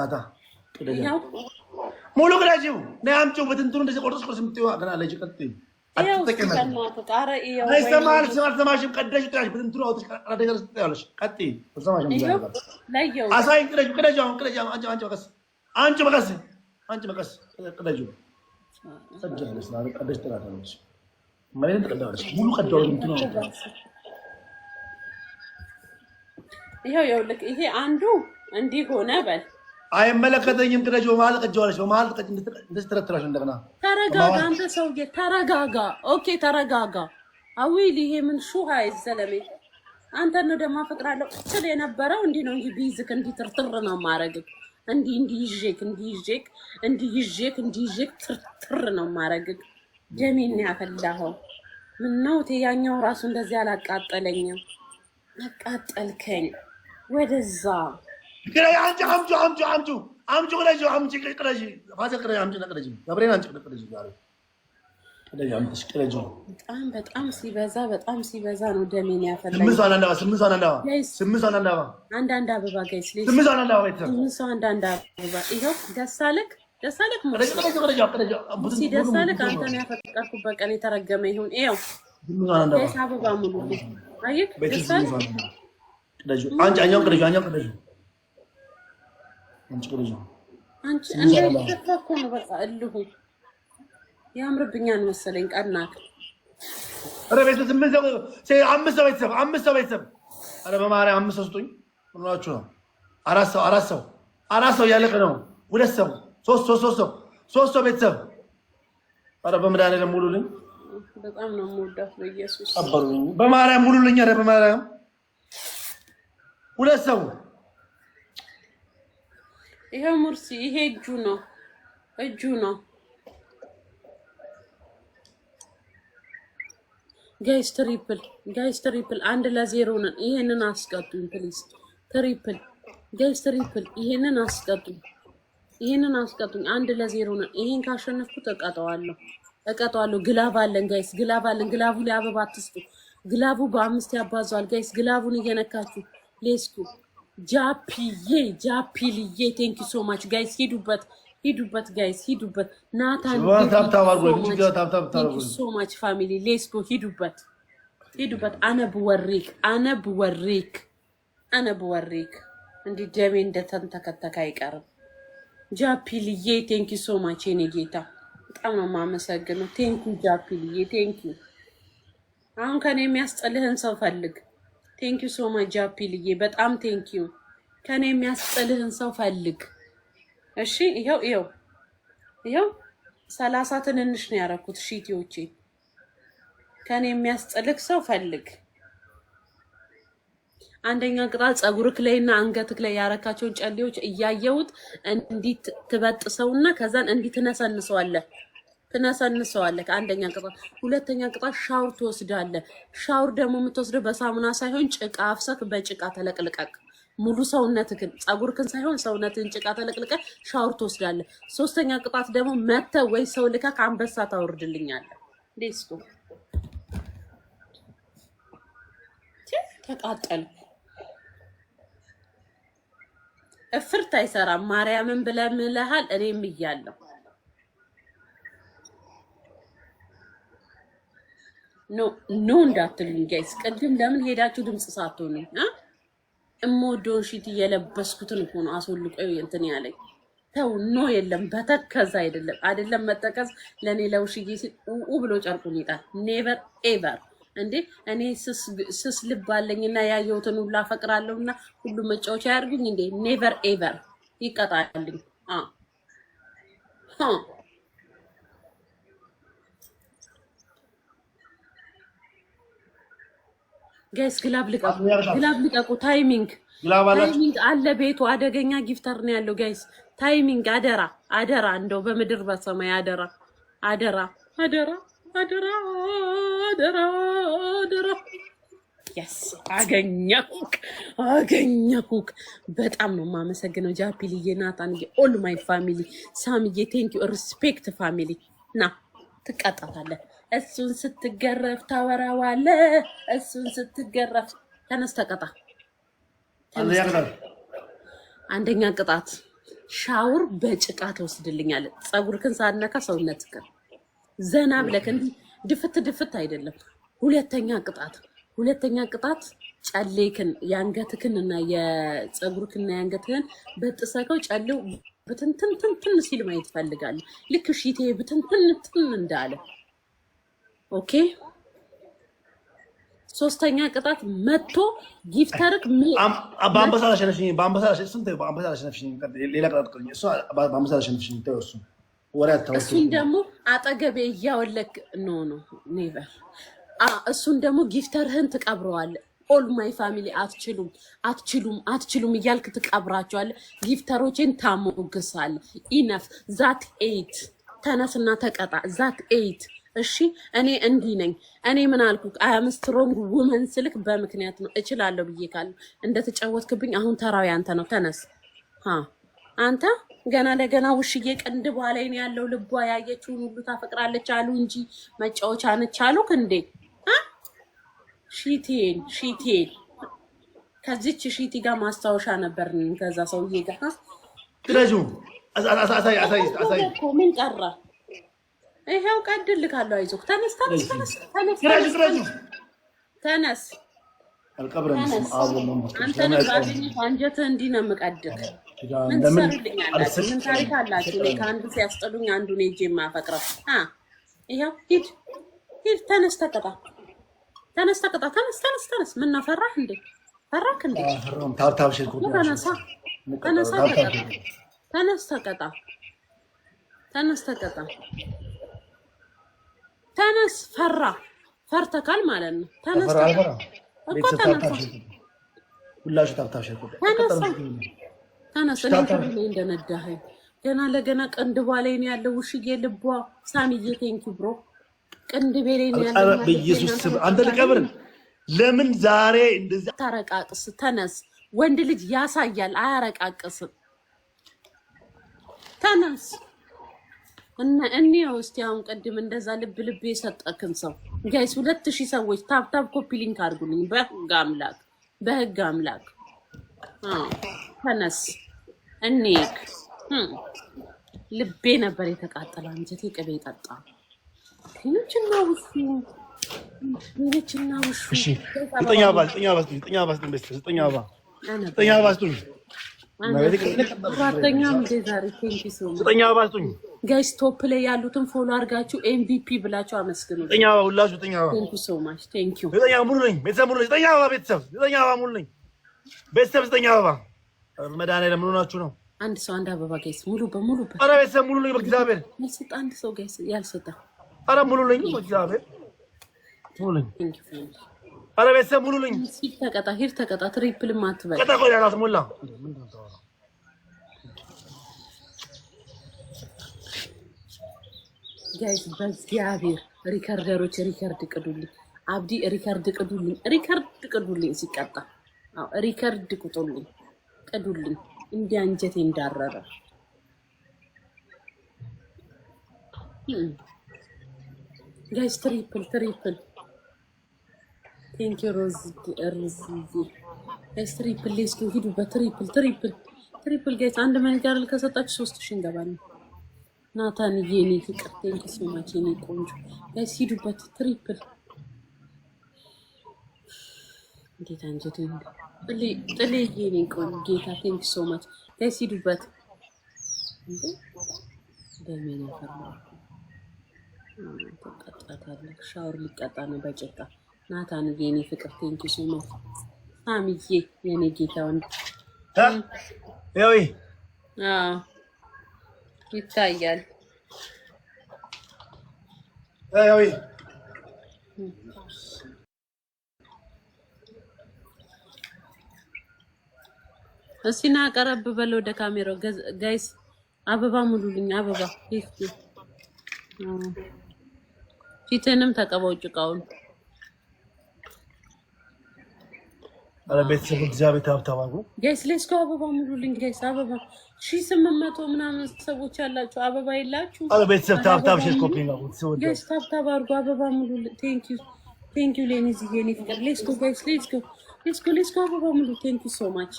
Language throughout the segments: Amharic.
ማታ ሙሉ ቅዳጅው ነይ አምጪው። በትንትኑ እንደዚህ ቆርጦች ቆርስ የምትይው ገና ለጅ ቀጥ አልሰማሽም። ቀደሽ ቅዳሽ በትንትኑ አውጥሽ ነገር ስትጠያለሽ ቀጥ አልሰማሽም። አሳይ ቅዳጅ ቅዳጅ አሁን ቅዳጅ አንቺ አንቺ መቀስ አንቺ መቀስ አንቺ መቀስ ቅዳጅ ሰጃለሽ ማለት ቀደሽ ትላለች ማለት ትቀዳለች። ሙሉ ቀዳው እንትኑ ይሄው ይኸውልህ፣ ይሄ አንዱ እንዲህ ሆነ በል አይመለከተኝም ቅደጅ በመሀል ቀጅዋለች በመሀል ቀጅ እንደተረትራሽ እንደገና ተረጋጋ። አንተ ሰውዬ ተረጋጋ። ኦኬ ተረጋጋ። አዊል ይሄ ምን ሹሃ ይዘለሜ አንተ ነው ደግሞ አፈቅራለሁ ስትል የነበረው እንዲህ ነው። እንዲህ ቢይዝክ እንዲህ ትርትር ነው ማረግክ እንዲህ እንዲህ ይዤክ እንዲህ ይዤክ እንዲህ ይዤክ እንዲህ ይዤክ ትርትር ነው ማረግክ። ደሜን ያፈላኸው ነው ያኛው ራሱ እንደዚህ አላቃጠለኝም። አቃጠልከኝ ወደዛ ቅረጂ አንቺ አምጪው አምጪው አምጪው አምጪው ቅረጂ አምጪ ቅረጂ ፋሲል ቅረጂ አምጪ ቅረጂ ገብሬን አንቺ ቅረጂ ዛሬ በጣም በጣም ሲበዛ በጣም ሲበዛ ነው ደሜን ያፈላኝ። የተረገመ ይሁን። አበባ ሙሉ አንቺ ቆይ ልጅ አንቺ እንደተፈታኩ ነው። በቃ እልሁ ያምርብኛል መሰለኝ። ቀናት ኧረ ቤተሰብ ምን ዘው አምስት ሰው ቤተሰብ አምስት ሰው ቤተሰብ ኧረ በማርያም አምስት ሰው ስጡኝ። ምን ሆናችሁ ነው? አራት ሰው አራት ሰው አራት ሰው እያለቀ ነው። ሁለት ሰው ሶስት ሶስት ሶስት ሰው ሶስት ሰው ቤተሰብ ኧረ በመድኃኒዓለም ሙሉልኝ። በጣም ነው የምወዳት በኢየሱስ አባሩኝ። በማርያም ሙሉልኝ። ኧረ በማርያም ሁለት ሰው ይሄ ሙርሲ፣ ይሄ እጁ ነው እጁ ነው። ጋይስ ትሪፕል፣ ጋይስ ትሪፕል፣ አንድ ለዜሮ ነን። ይሄንን አስቀጡኝ ፕሊዝ። ትሪፕል ጋይስ ትሪፕል፣ ይሄንን አስቀጡኝ፣ ይሄንን አስቀጡኝ። አንድ ለዜሮ ነን። ይሄን ካሸነፍኩት እቀጠዋለሁ፣ እቀጠዋለሁ። ግላቭ አለን ጋይስ፣ ግላቭ አለን። ግላቡ ላይ አበባ አትስጡ። ግላቡ በአምስት ያባዟል ጋይስ። ግላቡን እየነካችሁ ሌስኩ ጃፒዬ ጃፒልዬ ቴንክ ሶ ማች ጋይስ፣ ሂዱበት ሂዱበት ጋይስ ሂዱበት። ናታን ሶ ማች ፋሚሊ ሌስጎ ሂዱበት ሂዱበት። አነብ ወሬክ አነብ ወሬክ አነብ ወሬክ እንዲ ደሜ እንደተንተከተከ አይቀርም። ጃፒልዬ ቴንክ ሶ ማች የኔ ጌታ በጣም ነው የማመሰግነው። ቴንኪ ጃፒልዬ ቴንኪ። አሁን ከኔ የሚያስጠልህን ሰው ፈልግ። ቴንኪ ዩ ሶ ማች ጃፒልዬ፣ በጣም ቴንኪ ዩ። ከኔ የሚያስጥልህን ሰው ፈልግ እሺ። ይኸው ይኸው ይኸው ሰላሳ ትንንሽ ነው ያደረኩት ሺቲዎቼ። ከኔ የሚያስጥልህ ሰው ፈልግ። አንደኛ ቅጣት ፀጉርክ ላይና አንገትክ ላይ ያረካቸውን ጨሌዎች እያየሁት እንዲት ትበጥሰውና ከዛን እንዲት ትነሰንሰዋለህ ትነሰንሰዋለህ። አንደኛ ቅጣት፣ ሁለተኛ ቅጣት ሻውር ትወስዳለህ። ሻውር ደግሞ የምትወስደው በሳሙና ሳይሆን ጭቃ አፍሰክ በጭቃ ተለቅልቀቅ ሙሉ ሰውነት ግን ጸጉር ክን ሳይሆን ሰውነትን ጭቃ ተለቅልቀ ሻወር ትወስዳለ። ሶስተኛ ቅጣት ደግሞ መተ ወይ ሰው ልካክ ከአንበሳ ታወርድልኛለ። እንዴት ተቃጠልኩ። እፍርት አይሰራም። ማርያምን ብለምልሃል ምለሃል። እኔም እያለሁ ኖ እንዳትሉኝ ጋይስ። ቅድም ለምን ሄዳችሁ ድምፅ ሳትሆኑ እምወደውን ሺት እየለበስኩትን እኮ ነው አስወልቆ እንትን ያለኝ። ተው ኖ የለም በተከዝ አይደለም አይደለም መጠቀስ ለእኔ ለውሽዬ ሲል ኡ ብሎ ጨርቁን ይጣል። ኔቨር ኤቨር እንዴ እኔ ስስ ልብ አለኝና ያየሁትን ሁሉ አፈቅራለሁና ሁሉ መጫወቻ ያደርጉኝ እንዴ? ኔቨር ኤቨር ይቀጣልኝ። ጋይስ ግላብ ልቀቁ፣ ግላብ ልቀቁ። ታይሚንግ ታይሚንግ አለ። ቤቱ አደገኛ ጊፍተር ነው ያለው ጋይስ። ታይሚንግ አደራ፣ አደራ፣ እንደው በምድር በሰማይ አደራ፣ አደራ፣ አደራ፣ አደራ፣ አደራ፣ አደራ። ያስ አገኘሁክ፣ አገኘሁክ። በጣም ነው የማመሰግነው ጃፒልዬ፣ ናታን፣ ኦል ማይ ፋሚሊ፣ ሳምዬ ቴንኪዩ፣ ሪስፔክት ፋሚሊ። ና ትቀጣታለህ እሱን ስትገረፍ ታወራዋለ። እሱን ስትገረፍ ተነስ ተቀጣ። አንደኛ ቅጣት ሻውር በጭቃ ተወስድልኛለ። ፀጉርክን ሳነካ ሰውነትክን ዘና ብለክን ድፍት ድፍት አይደለም። ሁለተኛ ቅጣት ሁለተኛ ቅጣት ጨሌክን የአንገትክን እና የፀጉርክን እና የአንገትህን በጥሰከው ጨሌው ብትንትንትንትን ሲል ማየት ፈልጋለሁ። ልክ ሽቴ ብትንትንትን እንዳለ ኦኬ። ሶስተኛ ቅጣት መጥቶ ጊፍተርክ በአንበሳ አሸነፍሽኝ፣ አሸነፍሽኝ፣ ሌላ እሱ እሱን ደግሞ አጠገቤ እያወለክ ኖ ነው ኔቨር። እሱን ደግሞ ጊፍተርህን ትቀብረዋለህ። ኦል ማይ ፋሚሊ አትችሉም፣ አትችሉም፣ አትችሉም እያልክ ትቀብራቸዋለህ። ጊፍተሮቼን ታሞግሳለህ። ኢነፍ ዛት ኤይት ተነስና ተቀጣ ዛት ኤይት እሺ እኔ እንዲህ ነኝ። እኔ ምን አልኩ? አያም ስትሮንግ ውመን ስልክ በምክንያት ነው እችላለሁ ብዬ ካለ እንደተጫወትክብኝ። አሁን ተራው ያንተ ነው። ተነስ አንተ። ገና ለገና ውሽዬ ቅንድ ላይ ያለው። ልቧ ያየችውን ሁሉ ታፈቅራለች አሉ እንጂ መጫወቻ ነች አሉክ እንዴ? ሺቴን ሺቴን ከዚች ሺቲ ጋር ማስታወሻ ነበር ከዛ ሰውዬ ጋር ምን ቀራ ይሄው ቀድልካለሁ። አይዞህ ተነስ፣ ተነስ፣ ተነስ፣ ተነስ፣ ተነስ። አንተን ባገኘህ አንጀትህ እንዲህ ነው የምቀድቅ። ምን ትሰሩልኛላችሁ? ምን ታሪክ አላችሁ? እኔ ከአንዱ ሲያስጥሉኝ አንዱ እኔ እጄ የማፈቅረው ይኸው። ሂድ ሂድ፣ ተነስ፣ ተቀጣ፣ ተነስ፣ ተቀጣ፣ ተነስ፣ ተነስ፣ ተነስ። ምነው ፈራህ እንዴ? ፈራክ እንዴ? ተነሳ፣ ተነሳ፣ ተቀጣ፣ ተነስ፣ ተቀጣ፣ ተነስ፣ ተቀጣ ተነስ ፈራ ፈርተካል ማለት ነው። ተነስ እኮ ተነስ ሁላችሁ ታብታሽ ገና ለገና ቅንድቧ ላይ ነው ያለው ውሽዬ ልቧ ሳሚዬ ቴንኪ ብሮ ቅንድቤ ላይ ነው ያለው። በኢየሱስ ስም አንተ ልቀብር ለምን ዛሬ እንደዚህ ታረቃቅስ? ተነስ ወንድ ልጅ ያሳያል፣ አያረቃቅስም። ተነስ እንየው እስቲ አሁን ቅድም እንደዛ ልብ ልብ የሰጠክን ሰው ጋይስ፣ ሁለት ሺህ ሰዎች ታብታብ ኮፒ ሊንክ አድርጉልኝ። በህግ አምላክ በህግ አምላክ ተነስ እኔክ ልቤ ነበር የተቃጠለ፣ አንጀቴ ቅቤ ጠጣ። ይችና ውሹ ይችና ውሹ ጋይስ ቶፕ ላይ ያሉትን ፎሎ አድርጋችሁ ኤምቪፒ ብላችሁ አመስግኑ። ዘጠኝ አበባ ሁላችሁ ዘጠኝ አበባ ዘጠኝ አበባ ሙሉ ነኝ። ቤተሰብ ሙሉ ነኝ። ዘጠኝ አበባ ቤተሰብ ዘጠኝ አበባ ሙሉ ነኝ። ቤተሰብ ዘጠኝ አበባ መድኃኒዓለም ሙሉ ናችሁ ነው። አንድ ሰው አንድ አበባ ጋይስ ሙሉ በሙሉ ኧረ ቤተሰብ ሙሉ ነኝ። በእግዚአብሔር ያልሰጠ አንድ ሰው ጋይስ ያልሰጠ ኧረ ሙሉ ነኝ። በእግዚአብሔር ሙሉ ነኝ። ኧረ ቤተሰብ ሙሉ ነኝ። ሂድ ተቀጣ፣ ሂድ ተቀጣ። ትሪፕልም አትበል ቀጣ። ቆይ አላት ሞላ ጋይስ በእግዚአብሔር ሪከርደሮች ሪከርድ ቅዱልኝ። አብዲ ሪከርድ ቅዱልኝ፣ ሪከርድ ቅዱልኝ። ሲቀጣ ሪከርድ ቁጡልኝ፣ ቅዱልኝ። እንዲህ አንጀቴ እንዳረረ ጋይስ። ትሪፕል ትሪፕል። ቴንኪ ሮዝ ሮዝ። ጋይስ ትሪፕል ሌስኪ ሂዱ፣ በትሪፕል ትሪፕል ትሪፕል። ጋይስ አንድ መንጋር ከሰጣችሁ ሶስት ሺህ እንገባለን። ናታንዬ የኔ ፍቅር ቴንክስ ማች እኔ ቆንጆ ሲዱበት ትሪፕል እንዴት አንጀቴ ጥልዬ የኔ ቆንጆ ጌታ ቴንክ ሶ ማች ሲዱበት በሜን ያፈርማ ሻወር ሊቀጣ ነው በጭቃ ናታንዬ እኔ ፍቅር ቴንክስ ሶ ማች ጌታ ወንድ ይታያል። እስኪ ና ቀረብ በለ ወደ ካሜራው ጋይስ። አበባ ሙሉልኝ፣ አበባ ፊትንም ተቀባው ጭቃውን ቤተሰብ እግዚአብሔር ታብታባጉ አድርጎ ጋይስ ሌስኮ አበባ ሙሉልኝ ጋይስ አበባ ሺ ስምንት መቶ ምናምን ሰዎች ያላችሁ አበባ የላችሁ ቤተሰብ ታብታብ ሽ ሰው ጋይስ ታብታብ አድርጎ አበባ ሙሉልኝ ቴንክ ዩ ቴንክ ዩ ሌኒ ዝዬ ኔ ፍቅር ሌስኮ ጋይስ ሌስኮ ሌስኮ ሌስኮ አበባ ሙሉ ቴንክ ዩ ሶ ማች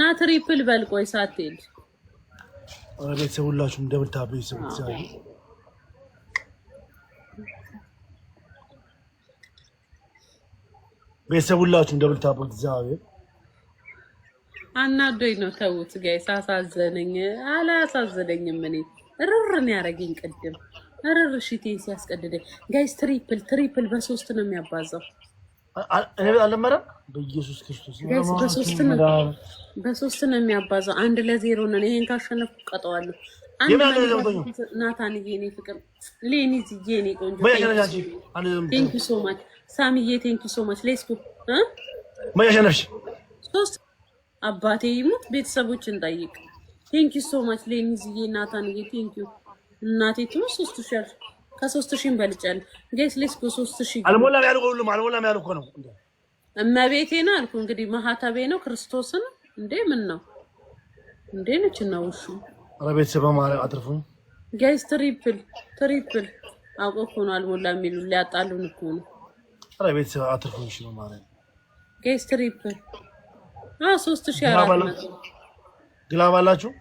ና ትሪፕል በልቆይ ሳትሄድ ቤተሰብ ሁላችሁም እንደምታብ ቤተሰብ እግዚአብሔር ቤተሰብ ሁላችሁ እንደምታውቁት እግዚአብሔር አናዶኝ ነው። ተውት ጋይስ፣ አሳዘነኝ። አላሳዘነኝም። እኔ ርርን ያደረገኝ ቅድም ርር ሽቴን ሲያስቀድደኝ ጋይስ፣ ትሪፕል ትሪፕል በሶስት ነው የሚያባዛው። እኔ አልመረም በኢየሱስ ክርስቶስ በሶስት ነው የሚያባዛው። አንድ ለዜሮ ነን። ይሄን ካሸነፍኩ ቀጠዋለሁ። ናታንዬ፣ እኔ ፍቅር ሌኒ ዝዬ፣ እኔ ቆንጆ ቴንኪ ሶ ማች ሳሚዬ ቴንኪ ሶ ማች ሌስ ጎ ማን ያሸነፍሽ? ሶስት አባቴ ይሙት ቤተሰቦችን ጠይቅ። ቴንኪ ሶ ማች ሌኒዝዬ ናታንዬ ቴንኪ እናቴ ትሙ ሶስት ሺ ያል ከሶስት በልጫል። ጌስ ሌስ ጎ ሶስት ሺ አልሞላም ያልኩ ሁሉም አልሞላም ያልኩ ነው። እመቤቴ ነው አልኩ እንግዲህ ማህተቤ ነው ክርስቶስን እንዴ ምን ነው እንዴ ነች እና ውሹ ኧረ ቤተሰብ ማለት አትርፉ ጋይስ ትሪፕል ትሪፕል አውቆ እኮ ነው አልሞላ የሚሉ ሊያጣሉን እኮ ነው። ቤተሰብ አትርፎሽ ነው ማለት ጌስ ትሪፕል ሶስት ሺህ አራት ግላብ አላችሁ